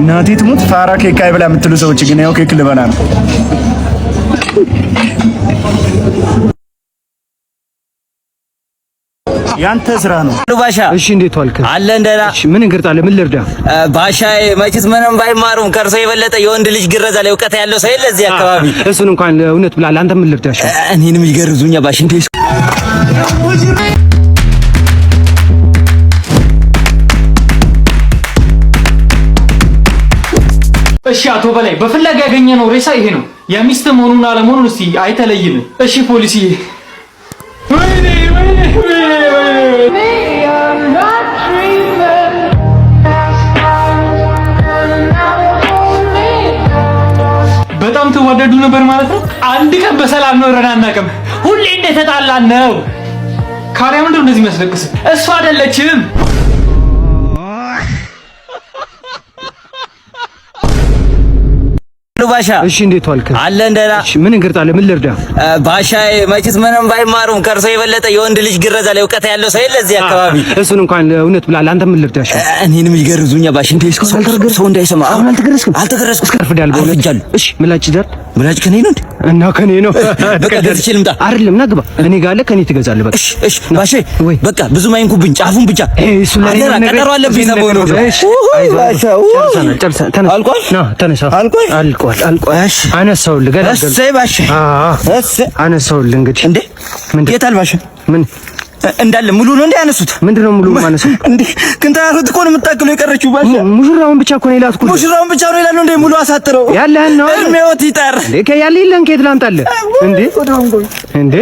እናቴ ትሙት ፋራ ኬክ አይበላ የምትሉ ሰዎች ግን ያው ኬክ ልበላ ነው። ያንተ ስራ ነው ባሻ። እሺ፣ እንዴት ዋልክ? አለ እንደና። እሺ፣ ምን እንግርጣለ? ምን ልርዳ? ባሻ መችስ ምንም ባይማሩም ከእርሶ የበለጠ የወንድ ልጅ ግረዛ ላይ እውቀት ያለው ሰው የለ እዚህ አካባቢ። እሱን እንኳን እውነት ብላል። አንተ ምን ልርዳሽ? እኔንም ይገርዙኛ ባሽ እንዴ እሺ አቶ በላይ በፍለጋ ያገኘ ነው ሬሳ ይሄ ነው። የሚስት መሆኑን አለመሆኑን እስቲ አይተለይም። እሺ ፖሊሲ በጣም ተዋደዱ ነበር ማለት ነው። አንድ ቀን በሰላም ነው ረና አናውቅም። ሁሌ እንደተጣላን ነው። ካሪያ ምንድነው እንደዚህ የሚያስለቅስ? እሱ አይደለችም። ባሻ እሺ፣ እንዴት ዋልክ? አለ እንደና ምን እንግርጣለህ? ምን ልርዳ? ባሻ መችት ምንም ባይማሩም ከርሶ የበለጠ የወንድ ልጅ ግረዛ ላይ እውቀት ያለው ሰው የለ እዚህ አካባቢ። እሱን እንኳን እውነት ብላ አንተ ምን ልርዳ? እሺ፣ እኔንም ይገርዙኛ ባሽ። እንዴ፣ እስኩ አልተገረዝኩም። ሰው እንዳይሰማ አሁን አልተገረዝኩም፣ አልተገረዝኩም። እስከርፍዳል በእውነት እሺ። ምላጭ ደር ምላጭ ከኔ ነው እንዴ? እና ከኔ ነው በቃ ደርቼ ልምጣ። አይደለም ና ግባ። እኔ ጋር አለ ከኔ ትገዛለህ። በቃ እሺ፣ እሺ። ወይ በቃ ብዙ ማይንኩብኝ ጫፉን ብቻ። እሱ ላይ ቀጠሮ አለብኝ ነው ነው። እሺ፣ ባሻ ተነሳ፣ ተነሳ። ና ተነስ፣ አልቋል፣ አልቋል አልቋል፣ አልቋል። እሺ አነሳሁልህ፣ ገለገልኩ። እሰይ ባሼ፣ እሰይ አነሳሁልህ። እንግዲህ እንዴ ምንድን የታል ባሼ? ምን እንዳለ ሙሉ ነው እንዴ? ያነሱት ምንድን ነው ሙሉ ማነሱ እንዴ? ክንታ ታያሩት እኮ ነው የምታክለው የቀረችው ባሼ። ሙሽራውን ብቻ እኮ ነው የላትኩት። ሙሽራውን ብቻ ነው ይላል እንዴ? ሙሉ አሳጥረው ያለህን ነው እድሜዎት ይጠር እንዴ? ከያለ የለህን ከየት ላምጣልህ እንዴ? እንዴ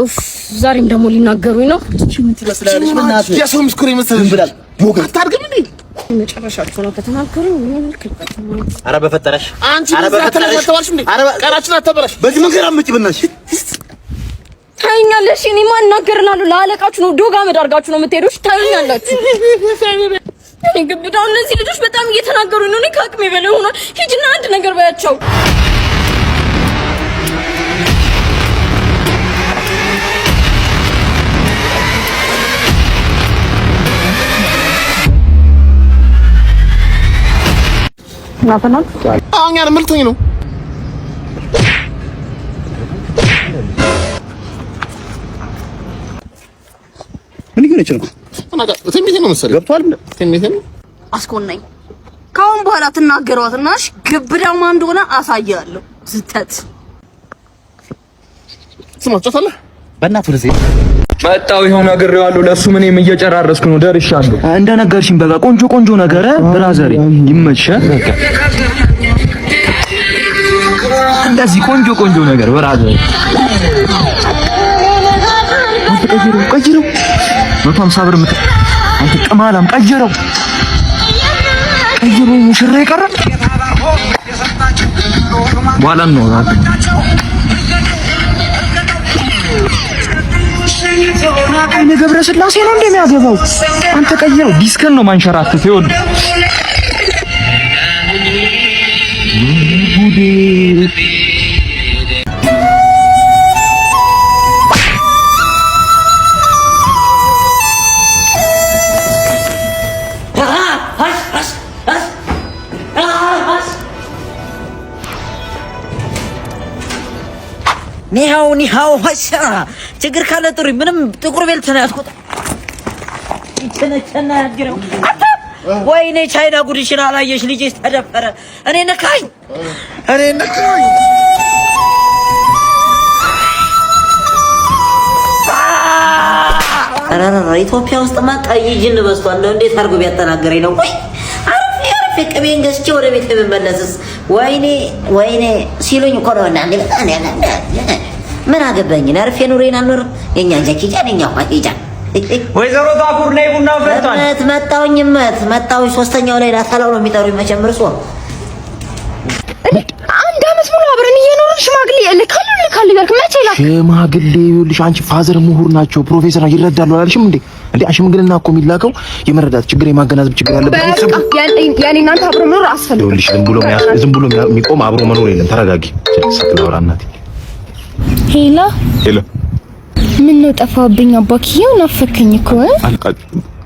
ኡፍ ዛሬም ደግሞ ሊናገሩኝ ነው። እቺ ምን ትመስላለች? የሰው ምስኩር ይመስላል። ሞጋ አታድርግም እንዴ? መጨረሻችሁ ነው ከተናገሩ። ምን ልክበት? ኧረ በፈጠረሽ አንቺ በዚህ መንገድ አትመጪ በእናትሽ ታይኛለሽ። እኔማ እናገርናለሁ። ለአለቃችሁ ነው ዶግ አመድ ነው የምትሄዱሽ። ታይኛላችሁ። እኔ እነዚህ ልጆች በጣም እየተናገሩ ነው። እኔ ከአቅሜ በላይ ሆኗል። ሂጂና አንድ ነገር በያቸው። እኛን ምልጥኝ ነው። ምን ይሆነች ነው? ትንቢት ነው መሰለኝ። ገብቶሃል? ትንቢት ነው። አስኮናኝ ከአሁን በኋላ ትናገሯትና እሺ፣ ግብዳማ እንደሆነ አሳያለሁ። ዝተት ስማ፣ ትጮታለህ በእናትህ ወደዚህ መጣው ነገር ያለው ለሱ ምን እየጨራረስኩ ነው፣ ደርሻለሁ። እንደነገርሽኝ በቃ ቆንጆ ቆንጆ ነገር ብራዘር፣ ይመችሽ። እንደዚህ ቆንጆ ቆንጆ ነገር ብራዘር፣ ቀይረው መቶ ሃምሳ ብር ምት አንተ ቅማላም፣ ቀይረው ቀይረው፣ ሙሽራ ይቀራል። በኋላ ነው አይነ ገብረ ስላሴ ነው እንደሚያገባው አንተ ቀየረው። ዲስከን ነው ማንሸራተት ይሁን ኒሃው ኒሃው ችግር ካለ ጥሪ ምንም ጥቁር ቤልት ነው ያዝኩት። ይቸነቸና ያግረው ወይኔ ቻይና ጉድሽን አላየሽ ልጅ ተደፈረ። እኔ ነካኝ፣ እኔ ነካኝ። አራራ ኢትዮጵያ ውስጥ ማጣይ ጅን በዝቷል። እንደው እንዴት አድርጎ ቢያጠናገረኝ ነው? ወይ አርፌ አርፌ ቅቤን ገዝቼ ወደ ቤት የምመለስስ ወይኔ ወይኔ ሲሉኝ እኮ ነው እና ምን አገባኝ? ነርፌ ኑሬን አልኖርም። የኛ ጃኪ ጃን የኛ ኳኪ ጃን ወይዘሮ ታኩር ነይ ቡና ፈቷል። እመት መጣሁኝ፣ እመት መጣሁኝ። ሶስተኛው ላይ ዳታላው ነው የሚጠሩኝ መቼም እርሶ አንድ አመት ሙሉ አብረን እየኖርን ሽማግሌ እልካለሁ እልካለሁ እያልክ መቼ ላክ ሽማግሌ? ይኸውልሽ አንቺ ፋዘር ምሁር ናቸው ፕሮፌሰር ይረዳሉ አላልሽም እንዴ? እንዴ ሽምግልና እኮ የሚላከው የመረዳት ችግር የማገናዘብ ችግር አለበት። ያኔ እናንተ አብሮ መኖር አስፈልግ። ይኸውልሽ ዝም ብሎ የሚቆም አብሮ መኖር የለም። ተረጋጊ። ስልክ እናቴ ሄሎ፣ ሄሎ። ምን ነው ጠፋብኝ? አባክዬው ናፈከኝ እኮ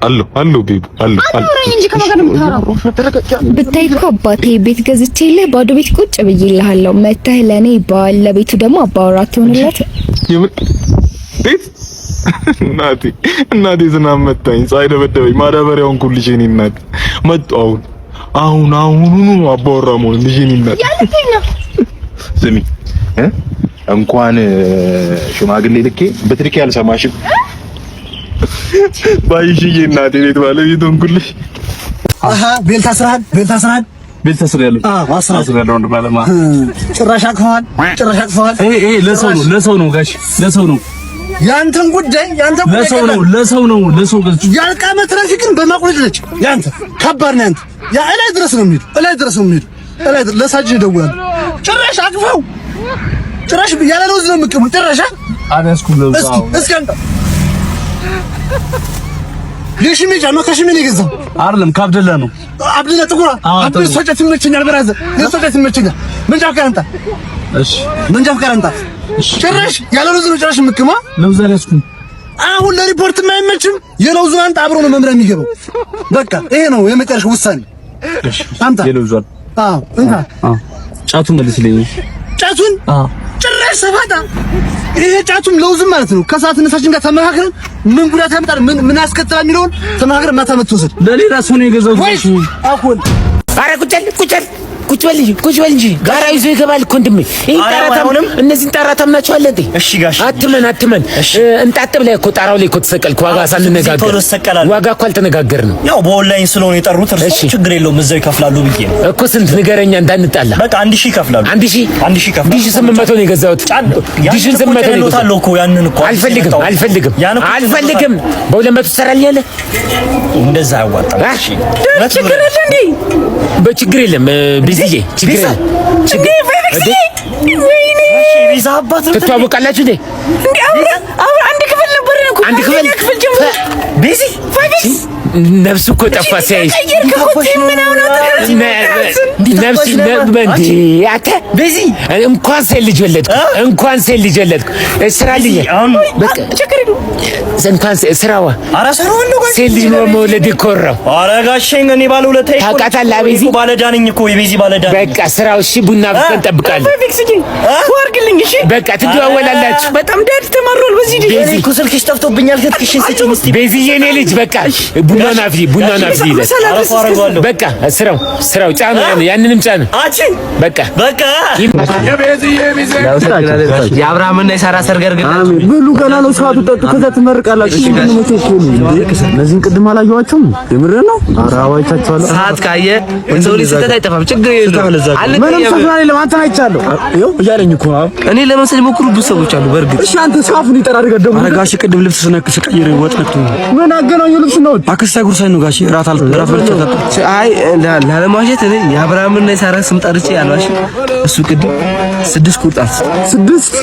አለሁ አለሁ ቤቢ አለሁ አለሁ። እንጂ ብታይ እኮ አባቴ ቤት ገዝቼልህ ባዶ ቤት ቁጭ ብዬልሃለሁ። መተህ ለኔ ባለቤቱ ደግሞ አባወራት ትሆንላት። ቤት እናቴ እናቴ ዝናብ መታኝ፣ ፀሐይ ደበደበኝ። ማዳበሪያውን እኮ እናት መጡ። አሁን አሁን አሁኑኑ አባወራ መሆን ልጄ ያለኝ ነው ስሚ እ እንኳን ሽማግሌ ልኬ ብትልኬ አልሰማሽም። ባይሽዬ እናቴ ቤት ባለቤት ሆንኩልሽ። አሃ ቤልታ ቤልታ ቤልታ ለሰው ነው ለሰው ነው ጋሽ ለሰው ነው ያንተን ጉዳይ ያንተ ለሰው ነው ለሰው ነው ለሰው ገዝቼ ያልቃመ ትራፊክን በማቁረጥ ነች። ያንተ ከባድ ነው። ያንተ ያ እላይ ድረስ ነው የሚሄድ እላይ ድረስ ነው የሚሄድ እላይ ለሳጅ ይደውላል ጭራሽ አቅፈው ጭራሽ ያለ ለውዝ ነው የምትቀሙት። ጭራሽ አልያዝኩም ለውዝ። እስኪ እስኪ አንተ የሽሜ ጫማ ከሽሜ ነው የገዛው አይደለም፣ ከአብደላ ነው። አብደላ ጥቁር አብደላ ሶጨት ይመቸኛል። በራዘ ለሶጨት ይመቸኛል። መንጃ ፍቃድ አንተ። እሺ መንጃ ፍቃድ አንተ። ጭራሽ ያለ ለውዝ ነው ጭራሽ የምትቀማ። ለውዝ አልያዝኩም። አሁን ለሪፖርት አይመችም። የለውዙ አንተ አብሮ ነው መምሪያ የሚገባው። በቃ ይሄ ነው የመጨረሻ ውሳኔ። እሺ አንተ የለውዟል። አዎ እንካ ጫቱን መልስልኝ። ጫቱን አዎ ጭራሽ ሰባታ ይሄ ጫቱም ለውዝም ማለት ነው። ከሰዓት ነሳችን ጋር ተመካክረን ምን ጉዳት ያመጣል፣ ምን ምን ያስከትላል የሚለውን ተመካክረን ማታ መተወሰድ ለሌላ ሰው ነው የገዛው። አሁን አረ ቁጭ ቁጭ ቁጭ በል ቁጭ በል እንጂ ጋራ ይዞ ይገባል እኮ ወንድሜ። ይሄ ጣራታም እነዚህን ጣራታም ናቸው አለ እንዴ? እሺ ጋሽ አትመን አትመን። እንጣጥብ ላይ እኮ ጣራው ላይ እኮ ተሰቀልክ። ዋጋ ሳንነጋገር ዋጋ እኮ አልተነጋገርንም። ያው በኦንላይን ስለሆነ የጠሩት እርሱ ችግር የለውም እዛው ይከፍላሉ ብዬ ነው እኮ። ስንት ንገረኛ እንዳንጣላ። በቃ አንድ ሺህ ይከፍላሉ። አንድ ሺህ አንድ ሺህ ይከፍላሉ። ዲሽ ስምንት መቶ ነው የገዛሁት። ዲሽ ስምንት መቶ ነው የገዛሁት እኮ ያንን እኮ አልፈልግም አልፈልግም አልፈልግም። በሁለት መቶ አለ። እንደዛ አያዋጣም። እሺ ችግር አለ እንዴ በችግር የለም ቢዝዬ ችግር ችግር ትተዋወቃላችሁ እንዴ? አንድ ክፍል እኮ ነፍሱ እኮ ጠፋ። ሲያይሽ እንኳን ሴት ልጅ ወለድኩ፣ እንኳን ሴት ልጅ ወለድኩ። እስራልኝ በቃ ችግር እንኳን ስራዋ ሴት ልጅ መውለድ እኮ ነው። ኧረ ጋሼ እኔ ባለ ሁለት ታውቃታለህ። አቤዚ ባለዕዳ ነኝ እኮ የቤዚ ባለዕዳ በቃ ስራው። እሺ ቡና አፍልተን እንጠብቃለን። በቃ ትደዋወላላችሁ። በጣም ደድ ተማሯል። በዚህ ቤዚ እኮ ስልክሽ ጠፍቶብኛል። ከትክሽን ስጪኝ ሙስቲ ቤዚ የኔ ልጅ በቃ ቡና ናፍዚ ቡና ናፍዚ ይላል። በቃ ስራው ስራው ጫኑ፣ ያንንም ጫኑ። በቃ በቃ የአብርሃምና የሳራ ሰርግ ገና ነው ሰዓቱ። ጠጡ ከዛ ትመርቅ ታውቃላችሁ። እነዚህን ቅድም አላየኋቸውም። የምር ነው። ኧረ አዋይቻቸዋለሁ። ሰዓት ካየ ሰው ልጅ ስህተት አይጠፋም። ችግር የለም። ምንም አንተን አይቻለሁ እያለኝ እኮ እኔ ለመምሰል የሞክሩ ሰዎች አሉ። በእርግጥ እሺ፣ አንተ እስካሁን ይጠራ አድርገህ ደግሞ ቅድም ልብስ ስቀይር ወጥ ነክቶ ምን አገናኘው? ልብስ ነው አክስታ ጉርሳኝ ነው ጋሼ። እራት አልበላችም። አይ ላለማዋሸት እኔ የአብርሃምና የሳራ ስም ጠርቼ ያልዋሽ እሱ ቅድም ስድስት ቁርጣት ስድስት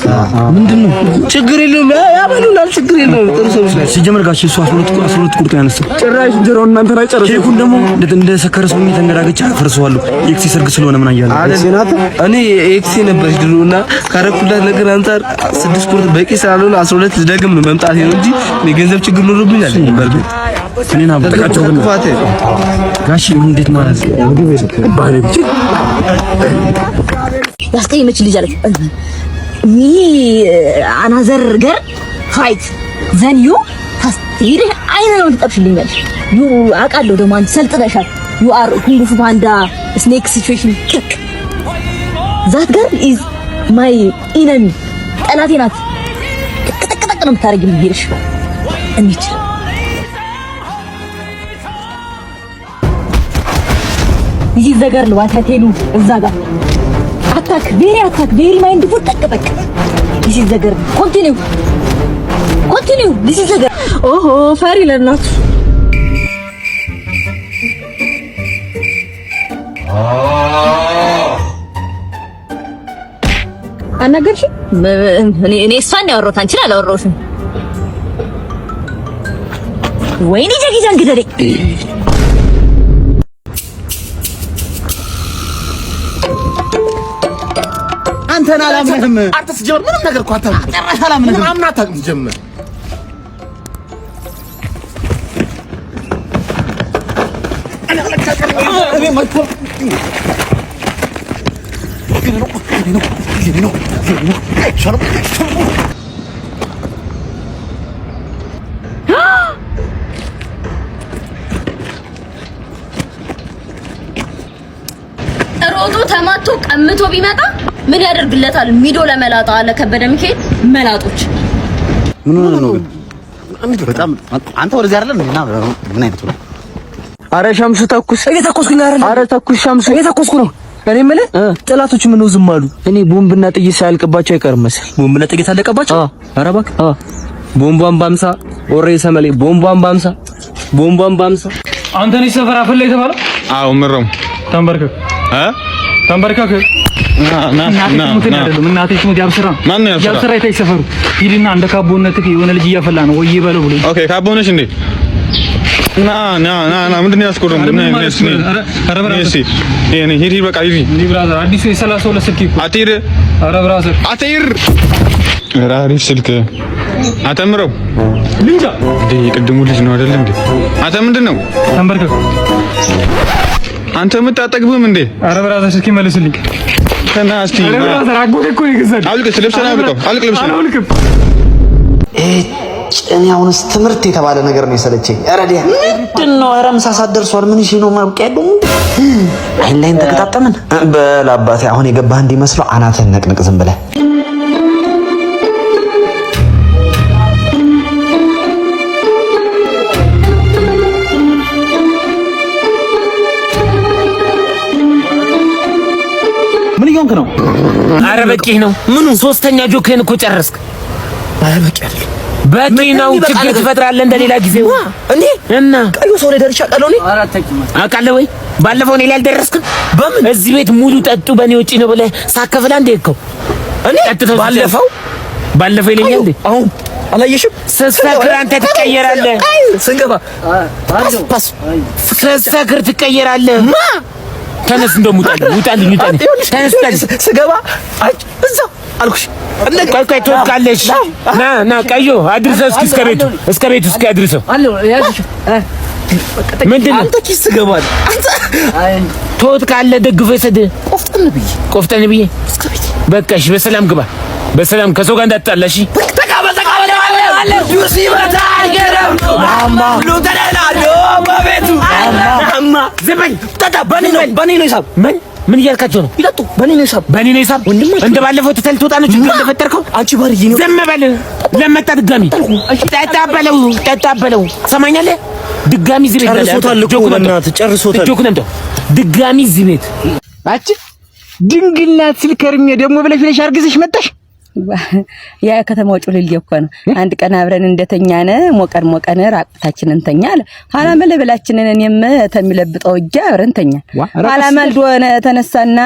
ምንድን ነው ችግር የለውም። ያበሉናል። ችግር የለውም። ሲጀምር ጋሽ እሱ አስራ ሁለት ቁርጥ ነው ያነሳው። ጭራሽ እንጀራውን እናንተ ላይ ጨረሰ። ኬኩን ደግሞ እንደ ሰከረ ሰው ተንገዳገጭ አፈርሰዋለሁ። ኤክሲ ሰርግ ስለሆነ ምን አያለ እኔ ኤክሲ ነበር ድሮ እና ካረኩላት ነገር አንጻር ስድስት ቁርጥ በቂ ስላልሆነ አስራ ሁለት ደግም መምጣት ነው እንጂ የገንዘብ ችግር አለ ኖሮብኛል። በርግጥ እኔና በቃቸው ግን ጋሽ እንዴት ማለት ነው ያስቀየመች ልጅ አለች። ይህ አናዘር ገር ፋይት ዘን ዩ ይሄ አይነ ነው ተጠብሽልኝ ዩ አውቃለሁ። ደግሞ አንቺ ሰልጥነሻል። ዩ አር ኩንግ ፉ ፓንዳ ስኔክ ሲቹዌሽን ቴክ ዛት ጋር ኢዝ ማይ ኢነሚ ጠላቴ ናት። ቅጥቅጥቅ ነው የምታረጊ ይልሽ እንዴ እዚህ ዘገር ልባት ከቴሉ እዛ ጋር አታክ ቬሪ አታክ ቬሪ ማይንድ ፉል ጠቅጠቅ እዚህ ዘገር ኮንቲኒው ኮንቲኒው ዲስ ኢዝ ኦሆ ፈሪ ለናቱ አናገርሽ እኔ እኔ እሷን ያወራሁት አንቺን አላወራሁሽም። ወይኔ ጀጊጃን ግደለኝ አንተን አላምንህም። አንተ ስጀምር ምንም ነገር እኮ አታውቅም። ሮጦ ተማቶ ቀምቶ ቢመጣ ምን ያደርግለታል? ሚዶ ለመላጣ አለ ከበደ ሚካኤል መላጦች ምን ነው በጣም አንተ ወደዚህ አይደለም እና ምን አይነት ነው? አረ ሸምሱ ተኩስ፣ እየተኮስኩኝ አይደለም። አረ ተኩስ ሸምሱ፣ እየተኮስኩ ነው። እኔ የምልህ ጥላቶች ምን ነው ዝም አሉ? እኔ ቦምብና ጥይት ሳያልቅባቸው አይቀርም መሰል። ቦምብና ጥይት አለቀባቸው። አረ እባክህ ቦምቧን ባምሳ ወሬ ሰመሌ ቦምቧን ባምሳ ቦምቧን ባምሳ። አንተ ነህ ሰፈር አፈላ የተባለው? አዎ ምረም ተንበርከክ እ ተንበርከክ ያብስራ የታች ሰፈሩ እንደ ካቦነትህ የሆነ ልጅ እያፈላ ነው ወይ በለው ብሎኝ። ኦኬ ካቦነሽ እንዴ? ና ና ና ና ምንድን ያስቆረው? አሪፍ ስልክ አተምረው ልንጃ ቅድሙ ልጅ ነው አይደል እንዴ? አንተ ምንድን ነው ተንበርከክ አንተ የምታጠግብም እንዴ? ኧረ ብራዘር እስኪ መልስልኝ። ተና እስኪ እኮ ይገዛል። እኔ አሁንስ ትምህርት የተባለ ነገር ነው የሰለቸኝ። ኧረ ምንድን ነው? ኧረ ምሳ ሰዓት ምን እሺ ነው ማብቂያ የለውም አይን ላይን ተቀጣጠምን። በል አባቴ አሁን የገባህ እንዲመስለው አናተን ነቅንቅ ዝም ብለህ ስለሆንክ ነው። አረ በቂ ነው። ምኑ ሶስተኛ ጆክህን እኮ ጨረስክ። አረ በቂ አይደለም። በቂ ነው። ችግር ትፈጥራለህ እንደሌላ ጊዜ እንዴ። እና ቀዩ ሰው ላይ ደርሼ አውቃለሁ። እኔ አውቃለሁ ወይ ባለፈው እኔ ላይ አልደረስክም። በምን እዚህ ቤት ሙሉ ጠጡ በእኔ ውጪ ነው ብለህ ሳከፍልህ እንዴ እኮ እኔ ባለፈው ባለፈው ይለኛል እንዴ። አሁን አላየሽም? ስትሰክር አንተ ትቀየራለህ። ስንገባ ስትሰክር ትቀየራለህ። ማ ተነስ፣ እንደውም ውጣልኝ፣ ውጣልኝ፣ ውጣልኝ። ተነስ፣ ውጣልኝ። ስገባ አይ እዛ አልኩሽ። ቆይ ቆይ፣ ትወድቃለሽ። ና ና፣ ቀዩ አድርሰው እስኪ እስከ ቤቱ እስከ ቤቱ እስኪ አድርሰው። ምንድን ነው አንተ ኪስ ትገባለህ? አንተ ትወድቃለህ። ደግፈ ሰድ ቆፍጠን ብዬ ቆፍጠን ብዬ በቃ እሺ፣ በሰላም ግባ፣ በሰላም ከሰው ጋር እንዳትጣላ። እሺ ተቃበል፣ ተቃበል። ዱሲ ይመታ አይገረም ነው ማማ ሉተናዶ አማ ቤቱ አማ ዘበኝ ታታ በኔ ነው በኔ ነው ሂሳብ ምን ምን እያልካቸው ነው? ይጠጡ በኔ ነው ሂሳብ በኔ ነው ሂሳብ እንደ ባለፈው ትተል ትወጣ ነው ችግር እንደፈጠርከው አንቺ ባር ይኔ ዘመ በል ለመጣ ድጋሚ ጠጣ በለው ጠጣ በለው ሰማኛለህ። ድጋሚ ዝቤት ጨርሶታል እኮ እናት ጨርሶታል። ጆክ ነምጠው ድጋሚ ዝቤት አቺ ድንግልናት ስልከርሜ ደግሞ ብለሽ ብለሽ አርግዘሽ መጣሽ ያ ከተማው ጩልልዬ እኮ ነው። አንድ ቀን አብረን እንደተኛነ ሞቀን ሞቀን ራቁታችንን እንተኛ አለ። ኋላ መለበላችንን እኔም ተሚለብጠው እጄ አብረን ተኛ። ኋላ መልዶ ተነሳና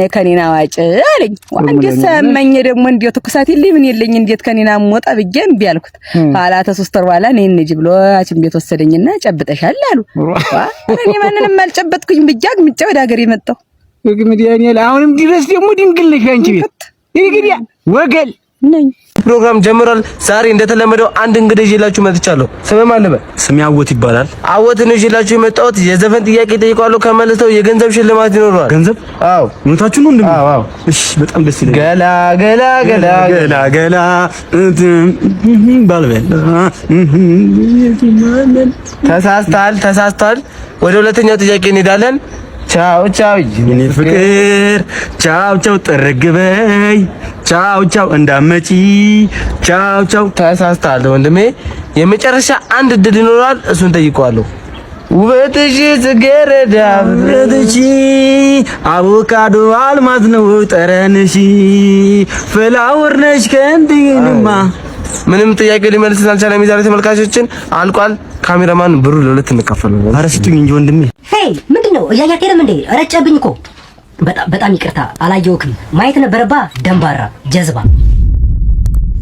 ነይ ከኔና ዋጭ አለኝ። እንዴት ሳያመኝ ደግሞ እንዴት ትኩሳት የለኝ ምን የለኝ እንዴት ከኔና ሞጣ ብዬ እምቢ አልኩት። ኋላ ተሶስት ወር በኋላ ነይ እንሂድ ብሎ ሐኪም ቤት ወሰደኝና ጨብጠሻል አሉ። እኔ ማንንም አልጨበጥኩኝ ብዬ አግምጬ ወደ ሀገር የመጣሁ እንግዲህ እኔ አሁንም ድረስ ደግሞ ድንግል ነሽ አንቺ ቤት ይግዲያ ወገል ነኝ። ፕሮግራም ጀምሯል። ዛሬ እንደተለመደው አንድ እንግዳ ይዤላችሁ መጥቻለሁ። ስም ማን አለበ ስም አወት ይባላል። አወት ነው ይዤላችሁ የመጣሁት። የዘፈን ጥያቄ ጠይቋለሁ። ከመለሰው የገንዘብ ሽልማት ይኖረዋል። ገንዘብ? አዎ። እውነታችሁ ነው እንዴ? አዎ፣ አዎ። እሺ፣ በጣም ደስ ይላል። ገላ ገላ ገላ ገላ ገላ ባልበል ተሳስታል፣ ተሳስታል። ወደ ሁለተኛው ጥያቄ እንሄዳለን። ቻው ቻው የኔ ፍቅር ቻው ቻው ጥርግ በይ ቻው ቻው እንዳመጪ ቻው ቻው። ተሳስተሃል ወንድሜ። የመጨረሻ አንድ እድል ይኖራል፣ እሱን ጠይቀዋለሁ። ውበትሽ ጽጌረዳ ፍጥረትሽ አቮካዶ አልማዝ ነው ጠረንሽ ፍላወር ነሽ ከእንዲንማ ምንም ጥያቄ ሊመልስ አልቻለም። የዛሬ ተመልካቾችን አልቋል። ካሜራማን ብሩ ለሁለት እንከፈላለን። አረስቱኝ እንጂ ወንድሜ ምንድን ነው እያያት አይደለም እንዴ? ረጨብኝ እኮ በጣም ይቅርታ፣ አላየውክም ማየት ነበረባ። ደንባራ ጀዝባ።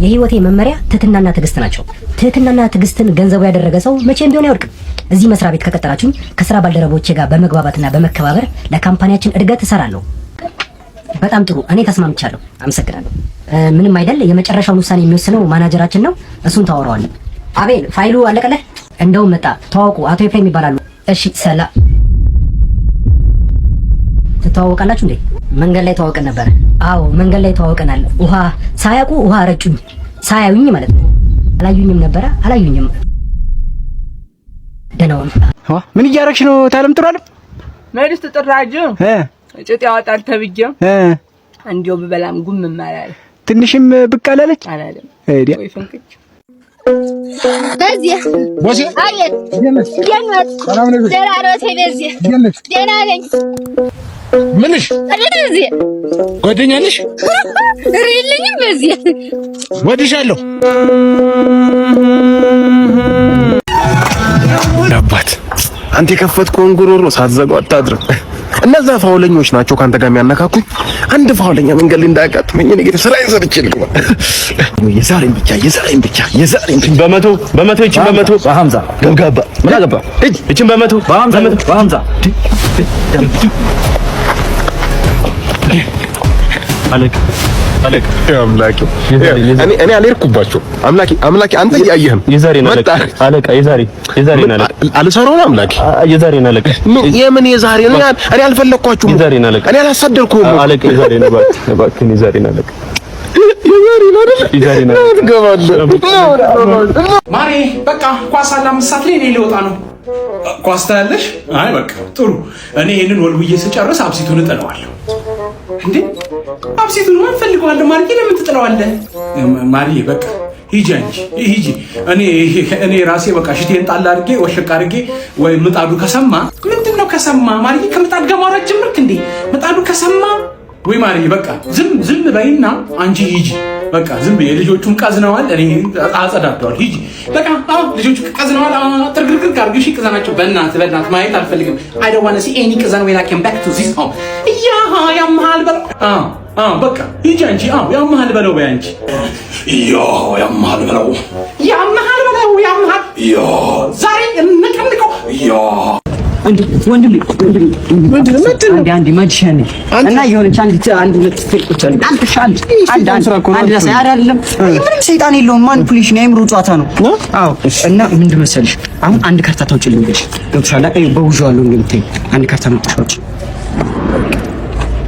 የህይወቴ መመሪያ ትህትናና ትዕግስት ናቸው። ትህትናና ትዕግስትን ገንዘቡ ያደረገ ሰው መቼም ቢሆን አይወድቅም። እዚህ መስሪያ ቤት ከቀጠራችሁኝ ከስራ ባልደረቦቼ ጋር በመግባባትና በመከባበር ለካምፓኒያችን እድገት እሰራለሁ። በጣም ጥሩ፣ እኔ ተስማምቻለሁ። አመሰግናለሁ። ምንም አይደል። የመጨረሻውን ውሳኔ የሚወስነው ማናጀራችን ነው። እሱን ታወራዋለን። አቤል፣ ፋይሉ አለቀለህ? እንደውም መጣ። ተዋውቁ፣ አቶ ኤፍሬም ይባላሉ። እሺ፣ ሰላም ትተዋወቃላችሁ እንዴ? መንገድ ላይ ተዋወቀን ነበር። አዎ መንገድ ላይ ተዋወቀናል። ውሃ ሳያውቁ ውሃ ረጩኝ፣ ሳያዩኝ ማለት ነው። አላዩኝም ነበረ፣ አላዩኝም። ደህናውን ምን እያረግሽ ነው? ታለም ጥሩ አለም መልስ ጥራጅ ጭጥ ያወጣል ተብዬ እንዲያው ብበላም ጉም ማላል ትንሽም ብቅ አላለች አላለም ወይ ፍንክች በዚህ አየት ገነት ደህና ነዎት? በዚህ ደህና ነኝ። በዚህ ወድሻለሁ። አባት አንተ የከፈትከውን ጉሮሮ ሳትዘጋው አታድርም። እነዛ ፋውለኞች ናቸው ካንተ ጋር የሚያነካኩኝ። አንድ ፋውለኛ መንገድ ላይ እንዳያጋጥመኝ እኔ ጌታ ስራዬን ሰርቼ ልግባ። የዛሬን ብቻ የዛሬን ብቻ የዛሬን ብቻ በመቶ በመቶ ይችን በመቶ በሀምሳ ገብጋባ ምን አገባ እጅ ይችን በመቶ በሀምሳ በሀምሳ አለቀ እኔ አልሄድኩባቸውም። አምላኬ ማሬ በቃ ኳስ አለ አምስት ሰዓት ላይ እኔ ልወጣ ነው። ኳስ ታያለሽ? አይ በቃ ጥሩ። እኔ ይሄንን ወልውዬ ስጨርስ አብሲቱን እጥለዋለሁ። እንዴ አብሴቱን ማን ፈልገዋለሁ? ማርዬ ለምን ትጥለዋለህ? ማርዬ በቃ ሂጂ እንጂ ሂጂ። እኔ እኔ ራሴ በቃ ሽቴን ጣል አድርጌ ወሸቅ አድርጌ ወይ ምጣዱ ከሰማ ምንድን ነው ከሰማ? ማርዬ ከምጣድ ጋር ማውራት ጀመርክ እንዴ? ምጣዱ ከሰማ ወይ ማርዬ በቃ ዝም ዝም በይና አንቺ ሂጂ። በቃ ዝም ብዬ ልጆቹን ቀዝነዋል፣ እኔ አጸዳደዋል። ሂጂ በቃ አሁን ልጆቹ ቀዝነዋል። ትርግርግር አድርገሽ ቅዘናቸው። በእናት በእናት ማየት አልፈልግም። አይ ዶንት ዋንት ሲ ኤኒ ቅዘን ዌን አይ ካም ባክ ቱ ዚስ ሆም። እያ ያመሃል በለው። በቃ ሂጂ አንቺ። ያመሃል በለው በይ አንቺ። ያ ያምሃል በለው፣ ያመሃል በለው፣ ያመሃል ዛሬ እንቀንቀው ያ ምንም ሰይጣን የለውም። ማኒፑሌሽን የአእምሮ ጨዋታ ነው። አዎ እና ምንድን መሰለሽ አሁን አንድ ካርታ ታውጪልኝ ብለሽ ገብቶሻል። አንድ ካርታ መጣሽ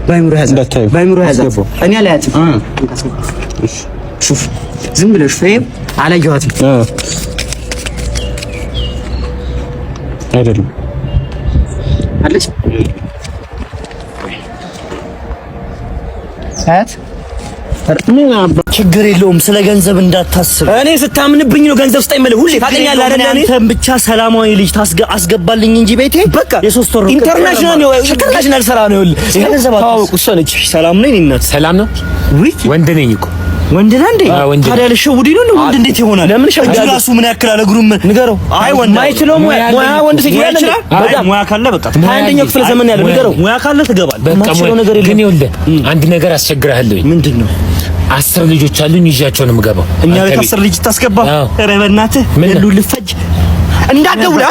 በአእምሮ ያዘ በአእምሮ ያዘ እኔ አላያትም። ሹፍ ዝም ብለሽ ፍሬም አላየኋትም አይደለም አለች ችግር የለውም። ስለ ገንዘብ እንዳታስብ። እኔ ስታምንብኝ ነው ገንዘብ ስጠኝ የምልህ ሁሌ ታውቀኛለህ አይደል? አንተን ብቻ ሰላማዊ ልጅ አስገባልኝ እንጂ ቤቴ በቃ የሶስት ወር ኢንተርናሽናል ነው ኢንተርናሽናል ስራ ነው። ይኸውልህ ሰላም ነኝ እናት ሰላም ነው። ወንድ ነኝ እኮ ወንድ ነህ እንዴ? ታዲያ ልሸውድ ነው ወንድ እንዴት ይሆናል? ለምን ሸውድ? ራሱ ምን ያክል አለ ግሩም ንገረው። አይ ወንድ ማይችለው ሙያ ሙያ ወንድ ሴት ያለ እንዴ? በጣም ሙያ ካለ በቃ አንደኛው ክፍለ ዘመን ያለ ንገረው። ሙያ ካለ ትገባለህ። ማይችለው ነገር የለም። ግን ይኸውልህ አንድ ነገር አስቸግረሃለሁ። ምንድን ነው? አስር ልጆች አሉኝ ይዣቸው ነው የምገባው። እኛ ቤት አስር ልጅ ታስገባ? ኧረ በእናትህ ምን ልፈጅ እንዳትደውል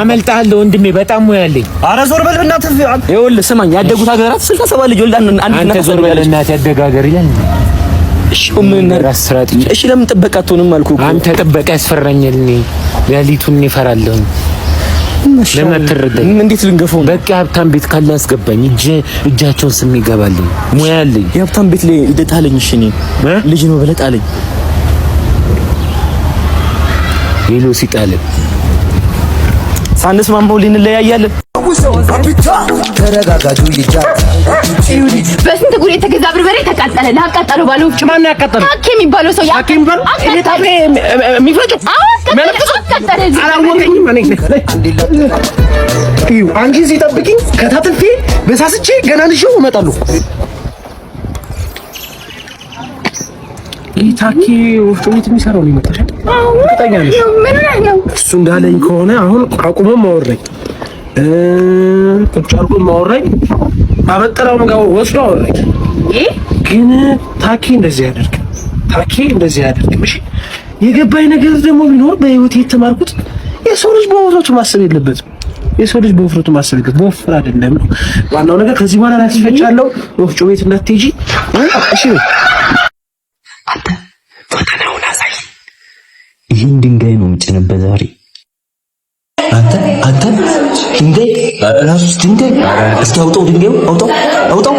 አመልጣለሁ። ወንድሜ በጣም ዞር በል ይኸውልህ ስማኝ፣ ያደጉት ሀገራት ስልሳ ሰባ ልጅ ወልዳ ዞር በል እናትህ ያደገ ሀገር እሺ ለምን ጥበቃ አትሆንም አልኩህ። አንተ ጥበቃ ያስፈራኛል። እኔ ሌሊቱን እፈራለሁ። ለማትረዳኝ እንዴት ልንገፈው? በቃ የሀብታም ቤት ካለ አስገባኝ። እጄ እጃቸውን ስም ይገባልኝ ሙያ አለኝ። የሀብታም ቤት ላይ ጣለኝ። እሺ እኔ ልጅ ነው ብለህ ጣለኝ። ሌሎሲ ጣለኝ። ሳንስማማው ልንለያያለን። ተረጋጋጁ ይጃታ በስንት ጉድ የተገዛ ብርበሬ ተቃጠለ። ላቃጠለው ባለው ማነው ያቃጠለው? ሀኪም የሚባለው ሰው አንቺ እዚህ ጠብቂኝ፣ ከታትፌ በሳስቼ ገና ልሽው እመጣለሁ። ታኪ ወፍጮ ቤት የሚሰራው ነው ይመጣል። እሱ እንዳለኝ ከሆነ አሁን አቁመም አወራኝ ቁጭ አድርጎ ማወራኝ ማበጠራውን ጋር ወስዶ አወራኝ። ግን ታኪ እንደዚህ ያደርግ ታኬ እንደዚህ ያደርግ። እሺ የገባኝ ነገር ደግሞ ቢኖር በህይወት የተማርኩት የሰው ልጅ በወፍረቱ ማሰብ የለበትም። የሰው ልጅ በወፍረቱ ማሰብ የለበትም። በወፍር አይደለም ነው ዋናው ነገር። ከዚህ በኋላ ላስፈጫለሁ። ወፍጮ ቤት እንዳትሄጂ እሺ። አንተ ፈተናውን አሳይ። ይህን ድንጋይ ነው የምጭንበት ዛሬ አንተ አንተ ድንጋይ ራሱ ድንጋይ እስኪ አውጣው፣ ድንጋዩ አውጣው፣ አውጣው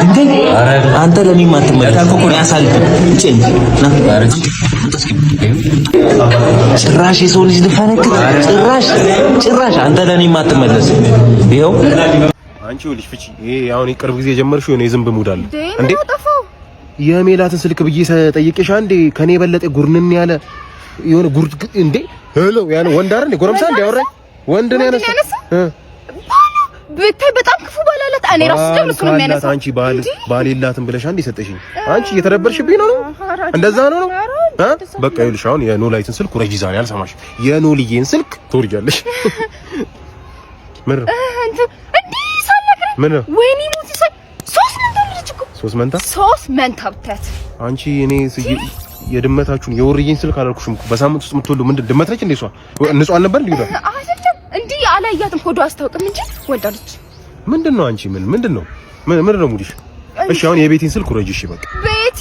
በድንጋይ አንተ ለምን ማትመለስ ጭራሽ የሰው ልጅ ልፈነክት ጭራሽ ጭራሽ አንተ ለምን ማትመለስ ይኸው አንቺ ልጅ ፍቺ ይሄ አሁን የቅርብ ጊዜ የጀመርሽው ነው የዝንብ ሙድ አለ እንዴ የሜላትን ስልክ ብዬ ጠይቄሽ አንዴ ከኔ የበለጠ ጉርንን ያለ የሆነ ጉርድ እንዴ ሄሎ ያን ወንድ አይደል ጎረምሳ እንዴ አወራኝ ወንድ ነው ያነሳ ብታይ በጣም ክፉ ባላላት እኔ ራሱ ደም እሱ ነው የሚያነሳ አንቺ ባል ባል የላትም ብለሽ አንዴ ሰጠሽኝ አንቺ እየተደበርሽብኝ ነው ነው እንደዛ ነው ነው በቃ ይኸውልሽ አሁን የኖ ላይትን ስልክ ረጂ ዛሬ አልሰማሽ የኖ ልዬን ስልክ ትወርጃለሽ ምን ነው እንዴ ሳላከረ ምን ነው ወይኔ ሙት ይሰ ሶስት መንታ ልጅ እኮ ሶስት መንታ ሶስት መንታ ብታት አንቺ እኔ ስጂ የድመታችሁን የወርዬን ስልክ አላልኩሽም በሳምንት ውስጥ የምትወልደው ምንድን ድመት ነች እንዴ? እሷ ንጹህ ነበር እንዴ? ይላል አይደለም እንዴ? አላያትም ሆዶ አስታውቅም እንጂ ወልዳለች። ምንድን ነው አንቺ? ምን ምንድን ነው ምን ነው ሙዲሽ? እሺ አሁን የቤቲን ስልክ እሺ በቃ ቤቲ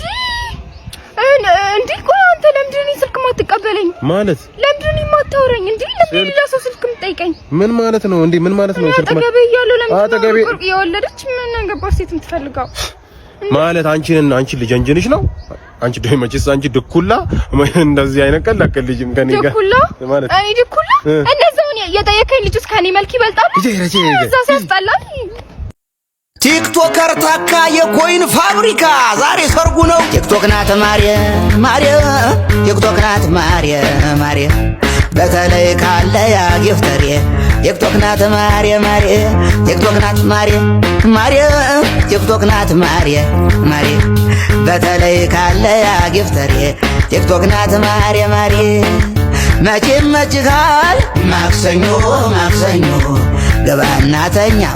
እንዴ እኮ አንተ ለምንድን ነው ስልክ ማትቀበለኝ? ማለት ለምንድን ነው ማታወራኝ? እንዴ ለምን ሌላ ሰው ስልክ ምጠይቀኝ? ምን ማለት ነው እንዴ? ምን ማለት ነው? ስልክ አጠገቤ እያለሁ ለምን አጠገቤ የወለደች ምን ገባሽ ሴት የምትፈልገው ማለት አንቺን አንቺን ልጅ አንጀንሽ ነው። አንቺ ደይ መችስ አንቺ ድኩላ እንደዚህ አይነት ቀላቀ ልጅም ከኔ ጋር ድኩላ ማለት እኔ ድኩላ እንደዛውን የጠየከኝ ልጅ ውስጥ ከኔ መልክ ይበልጣል። እዛ ሲያስጠላል። ቲክቶከር ታካ የኮይን ፋብሪካ ዛሬ ሰርጉ ነው። ቲክቶክ ናት ማሪየ ማሪየ ቲክቶክ ናት ማሪየ ማሪየ በተለይ ካለ ያ ጊፍተሬ ቲክቶክ ናት ማሬ ማሬ ቲክቶክ ናት ማሬ ማሬ ቲክቶክ ናት ማሬ ማሬ በተለይ ካለ ያ ጊፍተሬ ቲክቶክ ናት ማሬ ማሬ መቼም መችካል ማክሰኞ ማክሰኞ ገባና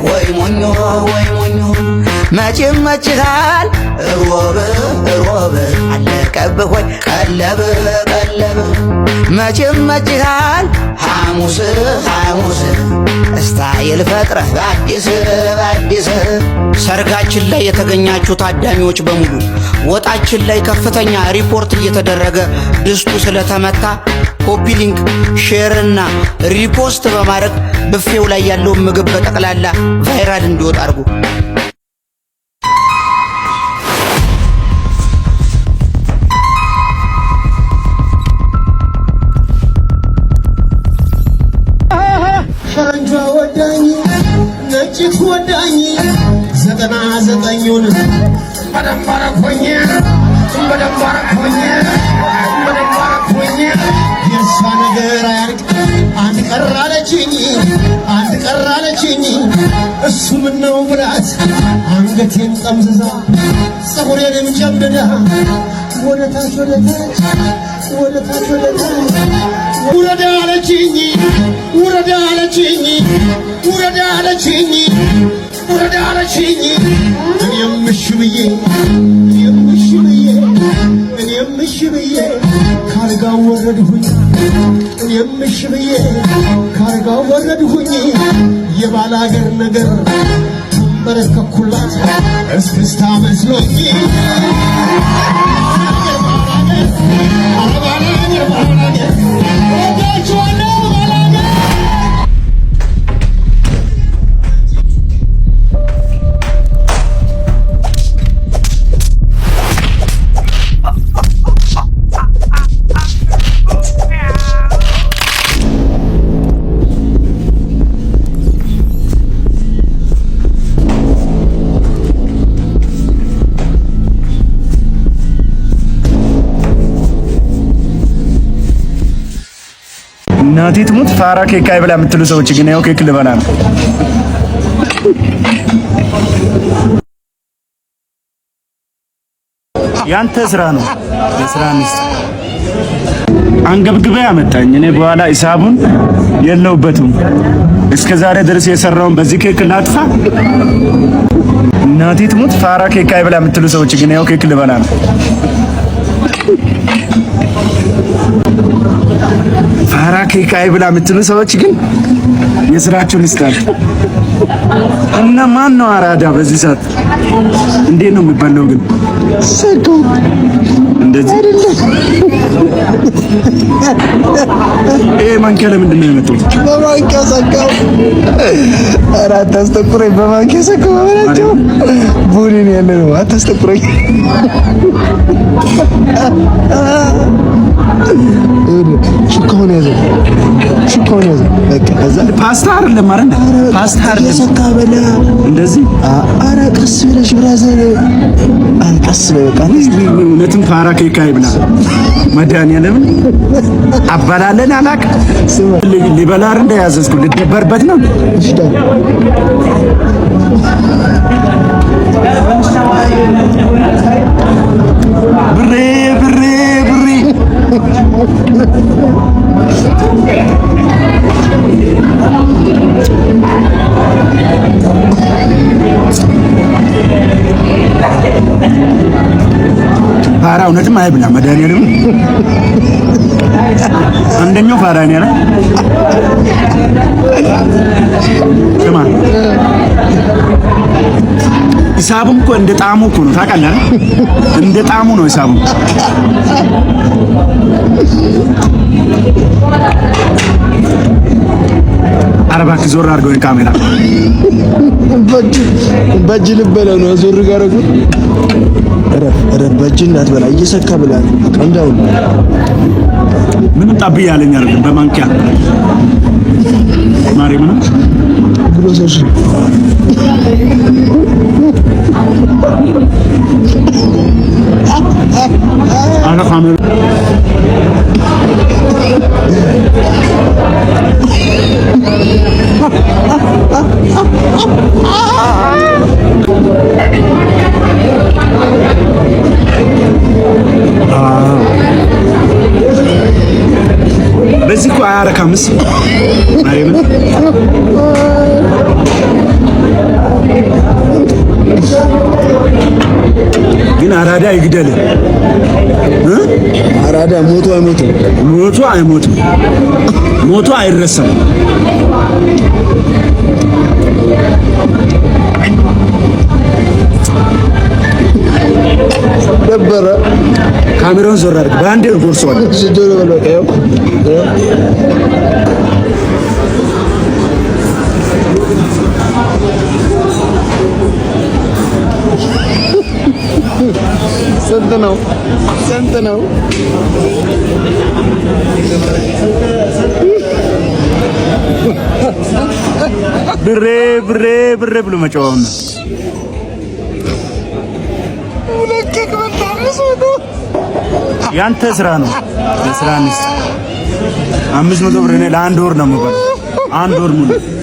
ወይ ሞኞ ወይ ሞኞ መቼም መችሃል እሮብ እሮብ አለቀብህ ሆይ ቀለብ ቀለብ መቼም መችሃል ሐሙስ ሐሙስ እስታይል ፈጥረህ በአዲስ በአዲስ ሰርጋችን ላይ የተገኛችሁ ታዳሚዎች በሙሉ ወጣችን ላይ ከፍተኛ ሪፖርት እየተደረገ ድስቱ ስለተመታ ኮፒ ሊንክ፣ ሼርና ሪፖስት በማድረግ ብፌው ላይ ያለውን ምግብ በጠቅላላ ቫይራል እንዲወጣ አድርጉ። እንዴት ወዳኝ ዘጠና ዘጠኙን በደንብ አረኮኝ በደንብ አረኮኝ በደንብ አረኮኝ የእሷ ነገር አያርቅ አንድ ቀራለችኝ አንድ ቀራለችኝ እሱ ነው ብላት አንገቴን ጠምዝዛ ፀጉሬንም ጨምድዳ ወደ ታች ወደ ታች ውረድ አለችኝ ውረድ አለችኝ ውረድ አለችኝ ውረድ አለችኝ እኔም እሺ ብዬ እኔም እሺ ብዬ እኔም እሺ ብዬ ካልጋው ወረድሁኝ እኔም እሺ ብዬ ካልጋው ወረድሁኝ የባለ አገር ነገር ተንበረከኩላት እስክስታ መስሎኝ እናቴ ትሙት ፋራ ኬክ አይበላ የምትሉ ሰዎች ግን ያው ኬክ ልበላ ነው። ያንተ ስራ ነው። የስራ ሚስት አንገብግበ ያመጣኝ እኔ በኋላ ሂሳቡን የለውበትም። እስከ ዛሬ ድረስ የሰራውን በዚህ ኬክ ላጥፋ። እናቴ ትሙት ፋራ ኬክ አይበላ የምትሉ ሰዎች ግን ያው ኬክ ልበላ ነው። ፋራ ኬክ ብላ የምትሉ ሰዎች ግን የስራችሁን ይስጣል እና ማን ነው አራዳ በዚህ ሰዓት እንዴት ነው የሚባለው ግን እንደዚህ ይሄ ማንኪያ ለምንድን ነው የመጣው? በማንኪያ ሰካው። ኧረ አታስጠቁረኝ። በማንኪያ ሰካው። በመናቸው ቡድን ያለ ነው። አታስጠቁረኝ። ሽካውን ያዘ፣ ሽካውን ያዘ። በቃ ከዛ ፓስታ አይደለም ማለት ነው። ፓስታ አይደለም ሰካ በላ እንደዚህ። ኧረ ቀስ ብለሽ ብራዘር፣ አይ ቀስ በል በቃ። እውነትም ፋራ ኬክ አይብላ መድኃኒዓለም አባላለን አላውቅም። ሊበላ እንደ ያዘዝኩ ልደበርበት ነው ብሬ ብሬ ፋራ እውነትም አይብላ መድኃኒዓለም አንደኛው ፋራ ነው ያለ። ሂሳቡም እኮ እንደ ጣሙ እኮ ነው ታውቃለህ። እንደ ጣሙ ነው ሂሳቡ። ኧረ እባክህ ዞር አድርገው ካሜራ በእጅ ልበለው ነው ዞር ጋረጉ ኧረ በእጅ እንዳትበላ እየሰካ ብላ ቀንዳው ምንም ጣብ ያለኝ አይደለም በማንኪያ ማሪ ምንም großer Schiff. Eine Kamera. Ah. በዚህ እኮ አያረካምስ ማርያምን ግን አራዳ ይግደል። አራዳ ሞቶ አይሞትም፣ ሞቶ አይሞትም፣ ሞቶ አይረሳም። ነበረ። ካሜራውን ዞር አድርግ። በአንዴ ነው ጎርሰዋል። ስንት ነው? ስንት ነው? ብሬ ብሬ ብሬ ብሎ መጫወት ነው። ያንተ ስራ ነው። ለስራ አምስት መቶ ብር ለአንድ ወር ነው የምበላው አንድ ወር ሙሉ